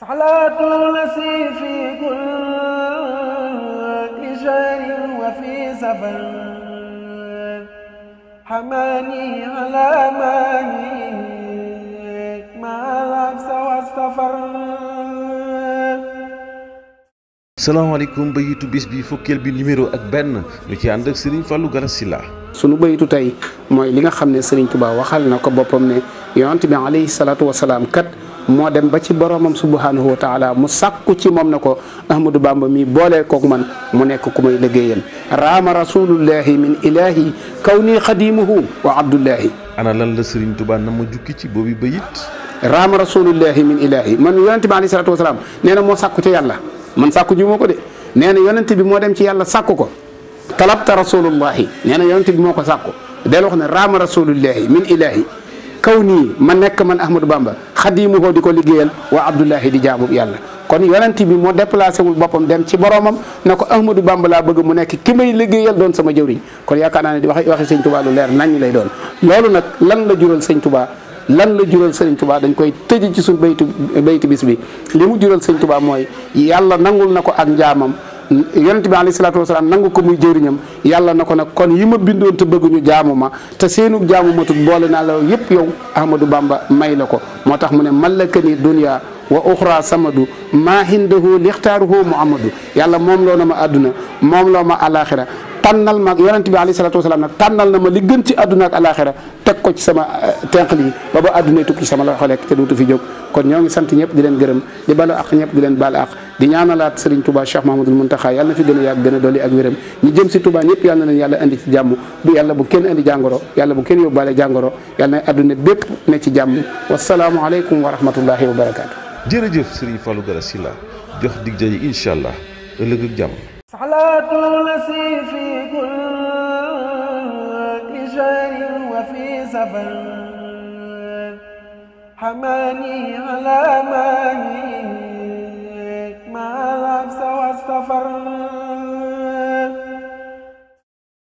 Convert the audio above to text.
صلاة لسي في كل شهر وفي سفر حماني على ماني مع العبس والسفر salaamaaleykum bayitu bis bi fukkeel bi numéro ak benn ñu ci ànd ak Serigne Fallou Galass Sylla sunu bayitu tey mooy li nga xam ne Serigne Touba waxal na ko boppam ne yonent bi alayhi salaatu wasalaam kat moo dem ba ci boromam subhanahu wa taala mu sàkku ci moom na ko ahmadou bamba mi boolee kook man mu nekk ku may liggéeyal raama rasulullahi min ilahi kaw nii xadimuhu wa abdullahi ana lan la sëriñ tubaa na ma jukki ci boobu bayit raama rasulullahi min ilahi man yonente bi alayhi salatu wasalaam nee na moo sàkku ci yàlla man sàkku ji ma ko de nee na yonente bi moo dem ci yàlla sàkku ko talabta rasulullahi nee na yonente bi moo ko sàkku del wax ne raama rasulullahi min ilahi kaw nii ma nekk man ahmadou xadiimuhu di ko liggéeyal waa Abdullahi di jaamu yàlla kon yonent bi moo déplacé wul boppam dem ci boromam na ko Ahmadou Bamba laa bëgg mu nekk ki may liggéeyal doon sama jëwriñ kon yaakaar naa ne di wax waxi sëñ Tuubaa lu leer nañ lay doon loolu nag lan la jural sëñ tubaa lan la jural sëñ tubaa dañ koy tëj ci suñ baytu baytu bis bi li mu jural sëñ tubaa mooy yàlla nangul na ko ak njaamam yonent bi alayhi salaatu wasalaam nangu ko muy jariñam yàlla na ko nag kon yi ma bindoon te bëgguñu jaamu ma te seenug jaamu ma tut boole naa la yëpp yow Ahmadou Bamba may la ko moo tax mu ne mallakani dunya wa uxra samadu maa hindahu mu muhammadu yàlla moom loo na ma àdduna moom loo ma alaxira tànnal ma yonent bi alayhi na ma li gën ci àdduna ak alaxira teg ko ci sama euh, tenq lii ba ba àdduna tukki sama loxo lekk te duutu fi jóg kon ñoo ngi sant ñëpp di leen gërëm di balu ak ñëpp di leen baal ak di ñaanalaat Serigne Touba Cheikh Mahamadul Muntaxa yàlla na fi gën a yàgg gën a dolli ak wéram ñi jëm si Touba ñëpp yàlla na leen yàlla indi ci jàmm bu yàlla bu kenn indi jàngoro yàlla bu kenn yóbbaale jàngoro yàlla na àdduna bépp ne ci jàmm wasalaamu aleykum wa rahmatullahi wa barakaatu jërëjëf Serigne Fallou Galass Sylla jox dig daje incha allah ëllëg ak jàmm في سفر حماني على ماني ما لبس واستفر